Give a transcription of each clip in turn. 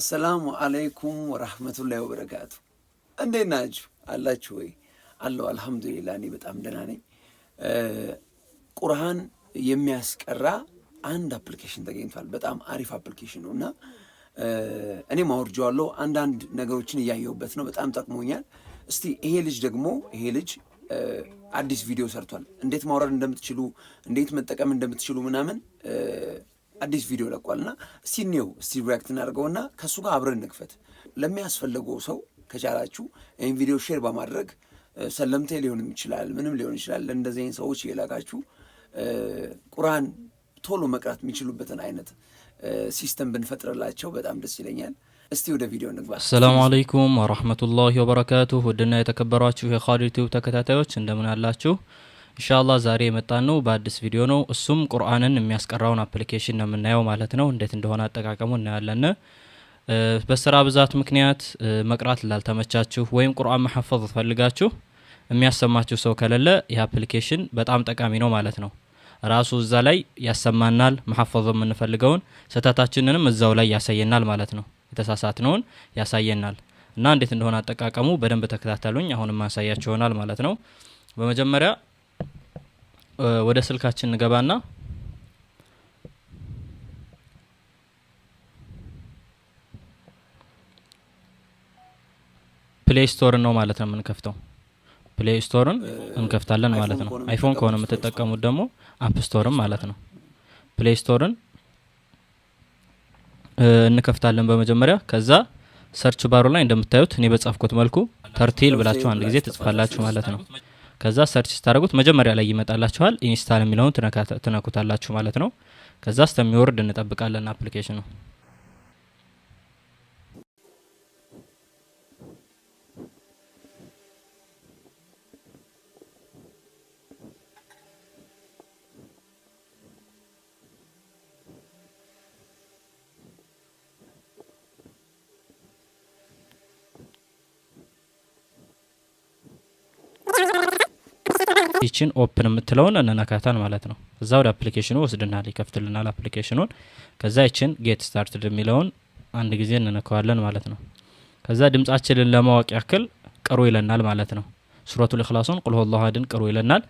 አሰላሙ አለይኩም ወራህመቱላሂ ወበረካቱ። እንዴት ናችሁ? አላችሁ ወይ? አለው አልሐምዱሊላ፣ እኔ በጣም ደህና ነኝ። ቁርአን የሚያስቀራ አንድ አፕሊኬሽን ተገኝቷል። በጣም አሪፍ አፕሊኬሽን ነው እና እኔም አውርጄዋለሁ። አንዳንድ ነገሮችን እያየሁበት ነው። በጣም ጠቅሞኛል። እስቲ ይሄ ልጅ ደግሞ ይሄ ልጅ አዲስ ቪዲዮ ሰርቷል። እንዴት ማውረድ እንደምትችሉ እንዴት መጠቀም እንደምትችሉ ምናምን አዲስ ቪዲዮ ለቋል እና እስቲ እኔው እስቲ ሪያክት እናደርገውና ከእሱ ጋር አብረን ንግፈት። ለሚያስፈለገው ሰው ከቻላችሁ ይህን ቪዲዮ ሼር በማድረግ ሰለምቴ ሊሆንም ይችላል፣ ምንም ሊሆን ይችላል። ለእንደዚህ ሰዎች እየላካችሁ ቁርአን ቶሎ መቅራት የሚችሉበትን አይነት ሲስተም ብንፈጥርላቸው በጣም ደስ ይለኛል። እስቲ ወደ ቪዲዮ እንግባ። አሰላሙ አለይኩም ወረህመቱላሂ ወበረካቱሁ። ውድና የተከበሯችሁ የኻዲር ቲዩብ ተከታታዮች እንደምን አላችሁ? ኢንሻአላህ ዛሬ የመጣን ነው በአዲስ ቪዲዮ ነው። እሱም ቁርአንን የሚያስቀራውን አፕሊኬሽን ነው የምናየው ማለት ነው። እንዴት እንደሆነ አጠቃቀሙ እናያለን። በስራ ብዛት ምክንያት መቅራት ላልተመቻችሁ ወይም ቁርአን መሐፈዝ ፈልጋችሁ የሚያሰማችሁ ሰው ከሌለ ይህ አፕሊኬሽን በጣም ጠቃሚ ነው ማለት ነው። ራሱ እዛ ላይ ያሰማናል፣ መሐፈዝ የምንፈልገውን ስህተታችንንም እዛው ላይ ያሳየናል ማለት ነው። የተሳሳትነውን ያሳየናል እና እንዴት እንደሆነ አጠቃቀሙ በደንብ ተከታተሉኝ። አሁንም ማሳያችሁ ይሆናል ማለት ነው። በመጀመሪያ ወደ ስልካችን እንገባና ፕሌይ ስቶርን ነው ማለት ነው የምንከፍተው። ፕሌይ ስቶርን እንከፍታለን ማለት ነው። አይፎን ከሆነ የምትጠቀሙት ደግሞ አፕ ስቶርን ማለት ነው። ፕሌይ ስቶርን እንከፍታለን በመጀመሪያ። ከዛ ሰርች ባሩ ላይ እንደምታዩት እኔ በጻፍኩት መልኩ ተርቴል ብላችሁ አንድ ጊዜ ትጽፋላችሁ ማለት ነው። ከዛ ሰርች ስታደረጉት መጀመሪያ ላይ ይመጣላችኋል። ኢንስታል የሚለውን ትነኩታላችሁ ማለት ነው። ከዛ እስከሚወርድ እንጠብቃለን አፕሊኬሽኑ ይችን ኦፕን የምትለውን እንነካታል ማለት ነው። እዛ ወደ አፕሊኬሽኑ ወስድናል፣ ይከፍትልናል አፕሊኬሽኑን። ከዛ ይችን ጌት ስታርትድ የሚለውን አንድ ጊዜ እንነካዋለን ማለት ነው። ከዛ ድምጻችንን ለማወቅ ያክል ቅሩ ይለናል ማለት ነው። ሱረቱ ልክላሱን ቁል ሁወላሁ አሐድን ቅሩ ይለናል።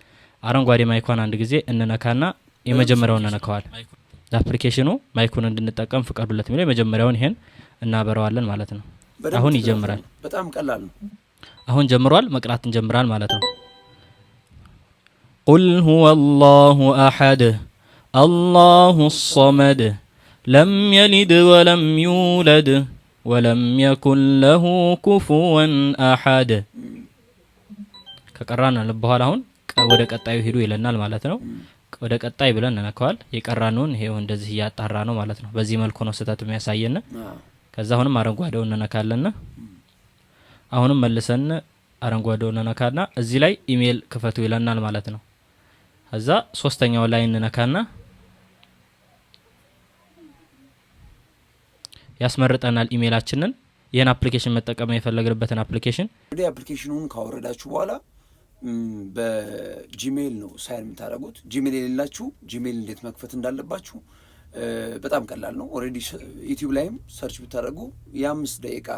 አረንጓዴ ማይኳን አንድ ጊዜ እንነካና የመጀመሪያውን እንነካዋል። ለአፕሊኬሽኑ ማይኩን እንድንጠቀም ፍቀዱለት የሚለው የመጀመሪያውን ይሄን እናበረዋለን ማለት ነው። አሁን ይጀምራል። በጣም ቀላል ነው። አሁን ጀምሯል። መቅራት እንጀምራል ማለት ነው። قل هو الله أحد الله الصمد لم يلد ولم يولد ولم يكن له كفوا أحد ከቀራን በኋላ አሁን ወደ ቀጣዩ ሂዱ ይለናል ማለት ነው። ወደ ቀጣይ ብለን እንነካዋል። የቀራነውን ይሄው እንደዚህ እያጣራ ነው ማለት ነው። በዚህ መልኩ ነው ስህተት የሚያሳየን። ከዛ አሁንም አረንጓዴው እንነካለና አሁንም መልሰን አረንጓዴው እንነካና እዚህ ላይ ኢሜል ክፈቱ ይለናል ማለት ነው። እዛ ሶስተኛው ላይ እንነካና ያስመርጠናል ኢሜይላችንን ይህን አፕሊኬሽን መጠቀም የፈለግንበትን አፕሊኬሽን ዲ አፕሊኬሽኑን ካወረዳችሁ በኋላ በጂሜይል ነው ሳይን የምታደርጉት። ጂሜይል የሌላችሁ ጂሜይል እንዴት መክፈት እንዳለባችሁ በጣም ቀላል ነው። ኦልሬዲ ዩቲዩብ ላይም ሰርች ብታደርጉ የአምስት ደቂቃ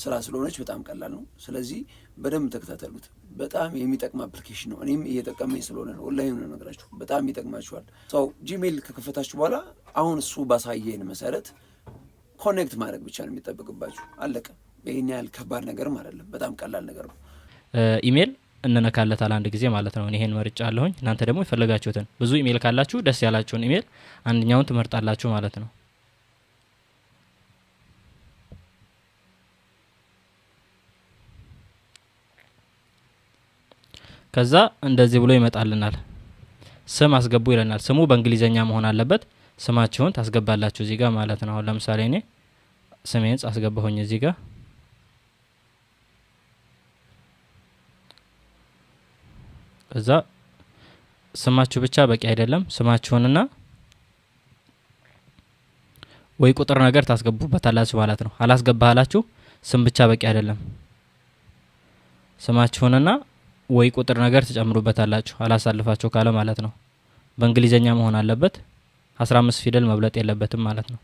ስራ ስለሆነች በጣም ቀላል ነው። ስለዚህ በደንብ ተከታተሉት። በጣም የሚጠቅም አፕሊኬሽን ነው። እኔም እየጠቀመኝ ስለሆነ ነው ኦንላይን ሆነ ነገራችሁ። በጣም ይጠቅማችኋል። ሰው ጂሜል ከከፈታችሁ በኋላ አሁን እሱ ባሳየን መሰረት ኮኔክት ማድረግ ብቻ ነው የሚጠበቅባችሁ። አለቀ። ይህን ያህል ከባድ ነገርም አይደለም። በጣም ቀላል ነገር ነው። ኢሜል እንነካለታል አንድ ጊዜ ማለት ነው። ይሄን መርጫ አለሁኝ። እናንተ ደግሞ የፈለጋችሁትን ብዙ ኢሜል ካላችሁ ደስ ያላችሁን ኢሜል አንደኛውን ትመርጣላችሁ ማለት ነው። ከዛ እንደዚህ ብሎ ይመጣልናል። ስም አስገቡ ይለናል። ስሙ በእንግሊዘኛ መሆን አለበት። ስማችሁን ታስገባላችሁ እዚህ ጋር ማለት ነው። አሁን ለምሳሌ እኔ ስሜን አስገባሁኝ እዚህ ጋር እዛ ስማችሁ ብቻ በቂ አይደለም። ስማችሁንና ወይ ቁጥር ነገር ታስገቡበታላችሁ ማለት ነው። አላስገባህላችሁ ስም ብቻ በቂ አይደለም። ስማችሁንና ወይ ቁጥር ነገር ትጨምሩበታላችሁ። አላሳልፋችሁ ካለ ማለት ነው። በእንግሊዘኛ መሆን አለበት። 15 ፊደል መብለጥ የለበትም ማለት ነው።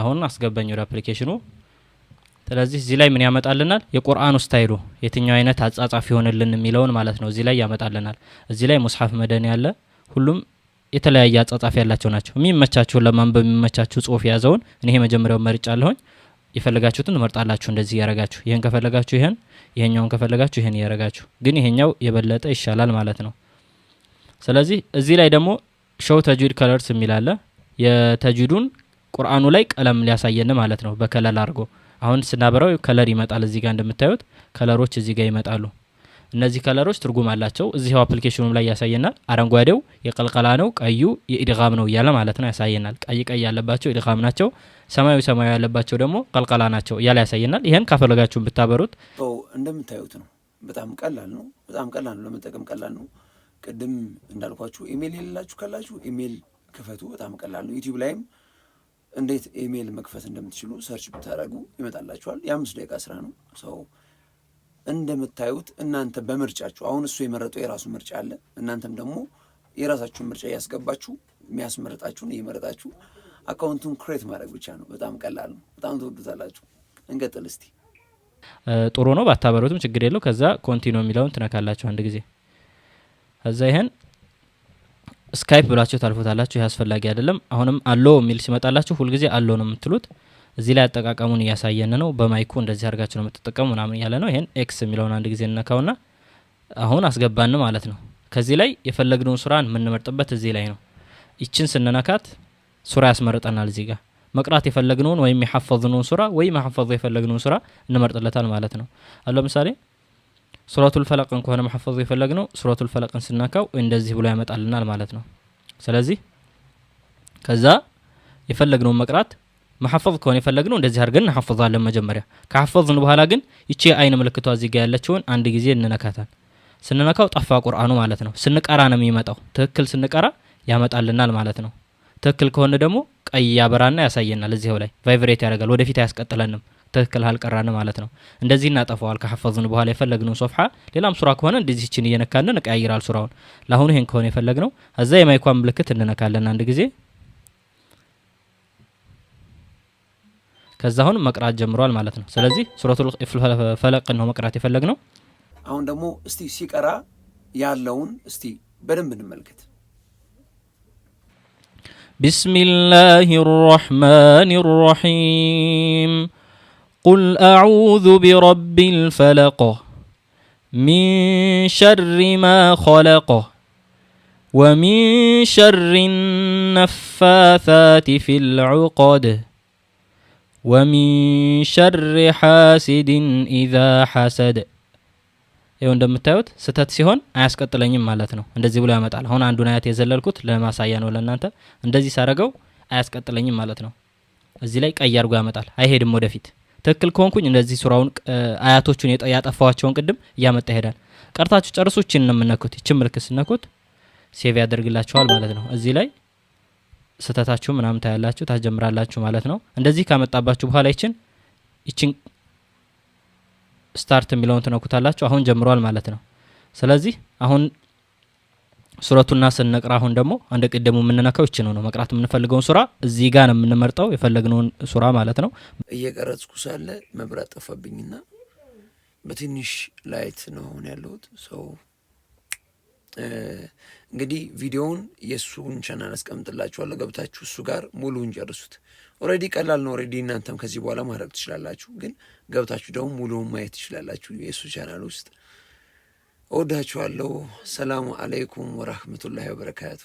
አሁን አስገባኝ ወደ አፕሊኬሽኑ። ስለዚህ እዚህ ላይ ምን ያመጣልናል? የቁርአኑ ስታይሉ የትኛው አይነት አጻጻፍ ይሆንልን የሚለውን ማለት ነው እዚህ ላይ ያመጣልናል። እዚህ ላይ ሙስሐፍ መደን ያለ ሁሉም የተለያየ አጻጻፍ ያላቸው ናቸው። የሚመቻችሁን ለማንበብ የሚመቻችሁ ጽሁፍ የያዘውን እኔ መርጫ መርጫለሁኝ። የፈለጋችሁትን ትመርጣላችሁ። እንደዚህ እያረጋችሁ ይህን ከፈለጋችሁ ይህን፣ ይሄኛውን ከፈለጋችሁ ይህን እያረጋችሁ፣ ግን ይሄኛው የበለጠ ይሻላል ማለት ነው። ስለዚህ እዚህ ላይ ደግሞ ሸው ተጅዊድ ከለርስ የሚላለ አለ። የተጅዊዱን ቁርአኑ ላይ ቀለም ሊያሳየን ማለት ነው በከለል አድርጎ አሁን ስናበራው ከለር ይመጣል። እዚህ ጋር እንደምታዩት ከለሮች እዚህ ጋር ይመጣሉ። እነዚህ ከለሮች ትርጉም አላቸው። እዚህው አፕሊኬሽኑም ላይ ያሳየናል። አረንጓዴው የቀልቀላ ነው፣ ቀዩ የኢድጋም ነው እያለ ማለት ነው ያሳየናል። ቀይ ቀይ ያለባቸው ኢድጋም ናቸው፣ ሰማያዊ ሰማያዊ ያለባቸው ደግሞ ቀልቀላ ናቸው እያለ ያሳየናል። ይህን ካፈለጋችሁን ብታበሩት እንደምታዩት ነው። በጣም ቀላል ነው። በጣም ቀላል ነው፣ ለመጠቀም ቀላል ነው። ቅድም እንዳልኳችሁ ኢሜል የሌላችሁ ካላችሁ ኢሜል ክፈቱ። በጣም ቀላል ነው። ዩቲዩብ ላይም እንዴት ኢሜይል መክፈት እንደምትችሉ ሰርች ብታደረጉ ይመጣላችኋል። የአምስት ደቂቃ ስራ ነው። ሰው እንደምታዩት እናንተ በምርጫችሁ አሁን እሱ የመረጠው የራሱ ምርጫ አለ። እናንተም ደግሞ የራሳችሁን ምርጫ እያስገባችሁ የሚያስመርጣችሁን እየመረጣችሁ አካውንቱን ክሬት ማድረግ ብቻ ነው። በጣም ቀላል ነው። በጣም ትወዱታላችሁ። እንቀጥል እስቲ። ጥሩ ነው። ባታበሩትም ችግር የለው። ከዛ ኮንቲኒው የሚለውን ትነካላችሁ አንድ ጊዜ ከዛ ይህን ስካይፕ ብላችሁ ታልፎታላችሁ። ይህ አስፈላጊ አይደለም። አሁንም አሎ የሚል ሲመጣላችሁ ሁልጊዜ አሎ ነው የምትሉት። እዚህ ላይ አጠቃቀሙን እያሳየን ነው። በማይኩ እንደዚህ አድርጋችሁ ነው የምትጠቀሙ ምናምን እያለ ነው። ይሄን ኤክስ የሚለውን አንድ ጊዜ እንነካውና አሁን አስገባን ማለት ነው። ከዚህ ላይ የፈለግነውን ሱራ የምንመርጥበት እዚህ ላይ ነው። ይችን ስንነካት ሱራ ያስመርጠናል። እዚህ ጋር መቅራት የፈለግነውን ወይም የሐፈዝነውን ሱራ ወይም ሐፈዙ የፈለግነውን ሱራ እንመርጥለታል ማለት ነው። አሁን ምሳሌ ሱረቱል ፈለቅን ከሆነ መሐፈዙ የፈለግ ነው ሱረቱል ፈለቅን ስናካው እንደዚህ ብሎ ያመጣልናል ማለት ነው። ስለዚህ ከዛ የፈለግነውን መቅራት መሐፈዝ ከሆነ የፈለግነው እንደዚህ አድርገን እናሐፍዛለን። መጀመሪያ ከሐፈዝን በኋላ ግን ይቺ የአይን ምልክቷ እዚህ ጋ ያለችውን አንድ ጊዜ እንነካታል። ስንነካው ጠፋ ቁርአኑ ማለት ነው። ስንቀራ ነው የሚመጣው። ትክክል ስንቀራ ያመጣልናል ማለት ነው። ትክክል ከሆነ ደግሞ ቀይ ያበራና ያሳየናል። እዚው ላይ ቫይብሬት ያደርጋል። ወደፊት አያስቀጥለንም። ትክክል አልቀራን ማለት ነው። እንደዚህ እናጠፋዋል ከሐፈዝን በኋላ የፈለግነው ሶፍሓ። ሌላም ሱራ ከሆነ እንደዚህ ይችን እየነካን እንቀያይራል ሱራውን። ለአሁኑ ይሄን ከሆነ የፈለግነው እዛ የማይኳን ምልክት እንነካለን አንድ ጊዜ። ከዛ አሁን መቅራት ጀምሯል ማለት ነው። ስለዚህ ሱረቱል ፈለቅ ነው መቅራት የፈለግነው። አሁን ደግሞ እስቲ ሲቀራ ያለውን እስቲ በደንብ እንመልከት። ቢስሚላሂ ራሕማኒ ራሒም قل أعوذ برب الفلق من شر ما خلق ومن شر النفاثات في العقد ومن شر حاسد إذا حسد ይኸው እንደምታዩት ስህተት ሲሆን አያስቀጥለኝም ማለት ነው እንደዚህ ብሎ ያመጣል አሁን አንዱን አያት የዘለልኩት ለማሳያ ነው ለእናንተ እንደዚህ ሳረገው አያስቀጥለኝም ማለት ነው እዚህ ላይ ቀይ አድርጎ ያመጣል አይሄድም ወደፊት ትክክል ከሆንኩኝ እንደዚህ ሱራውን አያቶቹን ያጠፋዋቸውን ቅድም እያመጣ ይሄዳል። ቀርታችሁ ጨርሶ ችን ነው የምነኩት። ይች ምልክት ስነኩት ሴቭ ያደርግላችኋል ማለት ነው። እዚህ ላይ ስህተታችሁ ምናምን ታያላችሁ፣ ታስጀምራላችሁ ማለት ነው። እንደዚህ ካመጣባችሁ በኋላ ይችን ይችን ስታርት የሚለውን ትነኩታላችሁ። አሁን ጀምሯል ማለት ነው። ስለዚህ አሁን ሱረቱና ስነቅራ አሁን ደግሞ እንደ ቅድሙ የምንነካው ይችነው ነው ነው መቅራት የምንፈልገውን ሱራ እዚህ ጋር ነው የምንመርጠው፣ የፈለግነውን ሱራ ማለት ነው። እየቀረጽኩ ሳለ መብራት ጠፋብኝና በትንሽ ላይት ነው አሁን ያለሁት ሰው እንግዲህ ቪዲዮውን የእሱን ቻናል አስቀምጥላችኋለሁ። ገብታችሁ እሱ ጋር ሙሉውን ጨርሱት። ኦልሬዲ ቀላል ነው። ኦልሬዲ እናንተም ከዚህ በኋላ ማድረግ ትችላላችሁ፣ ግን ገብታችሁ ደግሞ ሙሉውን ማየት ትችላላችሁ የእሱ ቻናል ውስጥ እወዳችኋለሁ። ሰላሙ አለይኩም ወራህመቱላሂ ወበረካቱ።